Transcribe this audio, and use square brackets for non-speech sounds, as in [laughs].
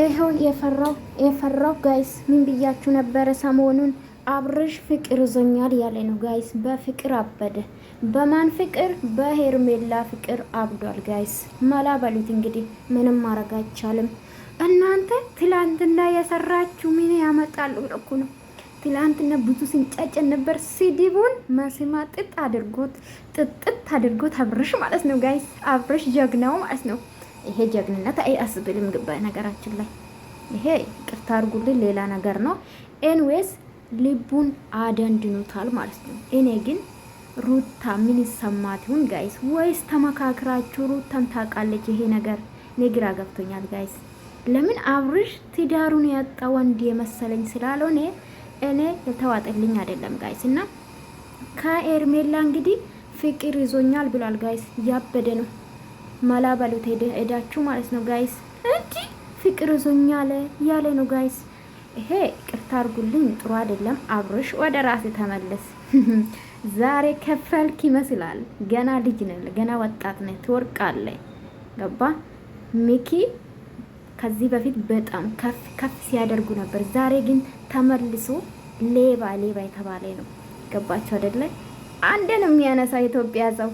ይኸው የፈራው የፈራው ጋይስ ምን ብያችሁ ነበረ? ሰሞኑን አብርሽ ፍቅር ይዞኛል ያለ ነው ጋይስ። በፍቅር አበደ። በማን ፍቅር? በሄርሜላ ፍቅር አብዷል ጋይስ። መላ በሉት እንግዲህ ምንም ማድረግ አይቻልም። እናንተ ትላንትና የሰራችሁ ምን ያመጣል እኮ ነው። ትላንትና ብዙ ሲንጫጨን ነበር። ስድቡን መስማ ጥጥ አድርጎት ጥጥጥ አድርጎት አብርሽ ማለት ነው ጋይስ። አብርሽ ጀግናው ማለት ነው። ይሄ ጀግንነት አይ ግባ ነገራችን ላይ ይሄ ቅርታ አድርጉልን፣ ሌላ ነገር ነው። ኤንዌስ ልቡን አደንድኑታል ማለት ነው። እኔ ግን ሩታ ምን ይሰማት ይሁን ጋይስ? ወይስ ተመካክራችሁ ሩታን ታውቃለች? ይሄ ነገር እኔ ግራ ገብቶኛል ጋይስ። ለምን አብርሽ ትዳሩን ያጣ ወንድ የመሰለኝ ስላልሆነ እኔ የተዋጠልኝ አይደለም ጋይስ። እና ከኤርሜላ እንግዲህ ፍቅር ይዞኛል ብሏል ጋይስ። እያበደ ነው መላ በሉት ሄዳችሁ ማለት ነው ጋይስ። እንዲ ፍቅር ዞኛለ ያለ ነው ጋይስ። ይሄ ቅርታ አርጉልኝ፣ ጥሩ አይደለም። አብርሽ ወደ ራስ ተመለስ። [laughs] ዛሬ ከፈልክ ይመስላል። ገና ልጅ ነህ፣ ገና ወጣት ነ ትወርቃለህ። ገባ ሚኪ ከዚህ በፊት በጣም ከፍ ከፍ ሲያደርጉ ነበር። ዛሬ ግን ተመልሶ ሌባ ሌባ የተባለ ነው። ገባቸው አይደለ? አንድን የሚያነሳ ኢትዮጵያ ሰው